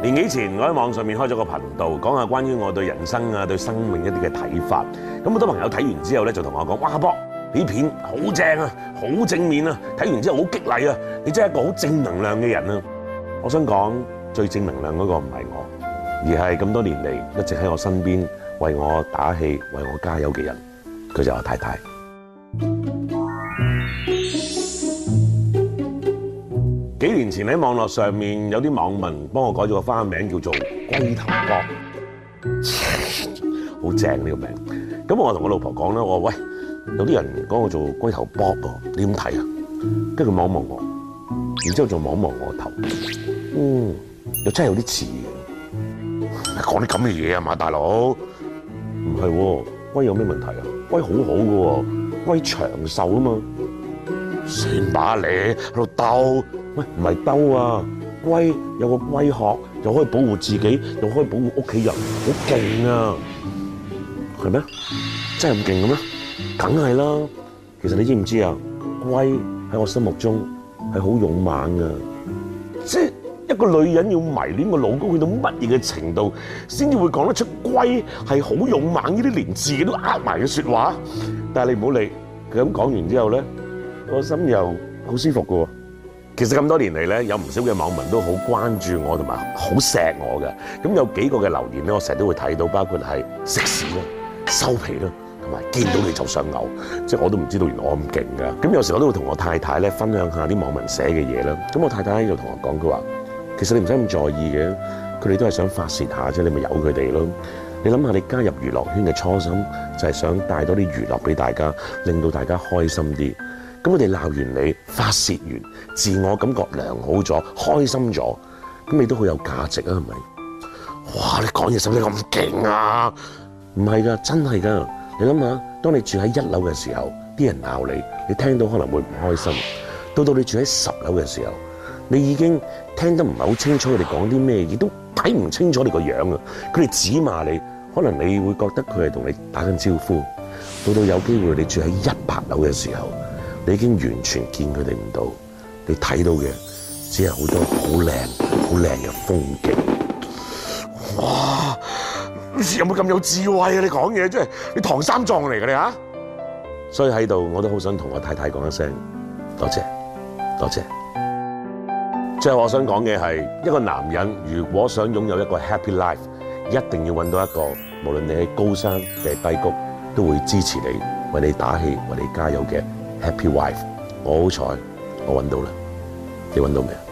年幾前我喺網上面開咗個頻道，講下關於我對人生啊、對生命一啲嘅睇法。咁好多朋友睇完之後咧，就同我講：「哇！Bob，呢片好正啊，好正面啊，睇完之後好激勵啊！你真係一個好正能量嘅人啊！我想講最正能量嗰個唔係我，而係咁多年嚟一直喺我身邊為我打氣、為我加油嘅人，佢就係我太太。前喺網絡上面有啲網民幫我改咗個花名叫做龜頭 Bob，好正呢個名。咁我同我老婆講啦，我話喂，有啲人講我做龜頭 Bob 喎，你點睇啊？跟住佢望望我，然之後就望望我頭，嗯，又真係有啲似嘅。講啲咁嘅嘢啊嘛，大佬，唔係喎，龜有咩問題啊？龜好好嘅喎，龜長壽啊嘛，算把你，喺度鬥。唔係兜啊！龜有個龜殼，又可以保護自己，嗯、又可以保護屋企人，好勁啊！係咩？真係咁勁嘅咩？梗係啦！其實你知唔知啊？龜喺我心目中係好勇猛嘅，即係一個女人要迷戀個老公去到乜嘢嘅程度，先至會講得出龜係好勇猛呢啲連自己都呃埋嘅説話。但係你唔好理佢咁講完之後咧，個心又好舒服嘅喎。其實咁多年嚟咧，有唔少嘅網民都好關注我同埋好錫我嘅。咁有幾個嘅留言咧，我成日都會睇到，包括係食屎啦、收皮啦，同埋見到你就想嘔。即係我都唔知道原來我咁勁㗎。咁有時我都會同我太太咧分享下啲網民寫嘅嘢啦。咁我太太就同我講，佢話其實你唔使咁在意嘅，佢哋都係想發泄下啫，你咪由佢哋咯。你諗下，你加入娛樂圈嘅初心就係想帶多啲娛樂俾大家，令到大家開心啲。咁我哋鬧完你，發泄完，自我感覺良好咗，開心咗，咁你都好有價值啊？係咪？哇！你講嘢使唔使咁勁啊？唔係㗎，真係㗎。你諗下，當你住喺一樓嘅時候，啲人鬧你，你聽到可能會唔開心。到到你住喺十樓嘅時候，你已經聽得唔係好清楚佢哋講啲咩，亦都睇唔清楚你個樣啊。佢哋指罵你，可能你會覺得佢係同你打緊招呼。到到有機會你住喺一百樓嘅時候。你已經完全見佢哋唔到，你睇到嘅只係好多好靚好靚嘅風景。哇！有冇咁有，有智慧啊？你講嘢即係你唐三藏嚟㗎你啊？所以喺度我都好想同我太太講一聲多謝多謝。最後我想講嘅係一個男人，如果想擁有一個 happy life，一定要揾到一個無論你喺高山定係低谷，都會支持你、為你打氣、為你加油嘅。Happy wife，我好彩，我揾到啦，你揾到未啊？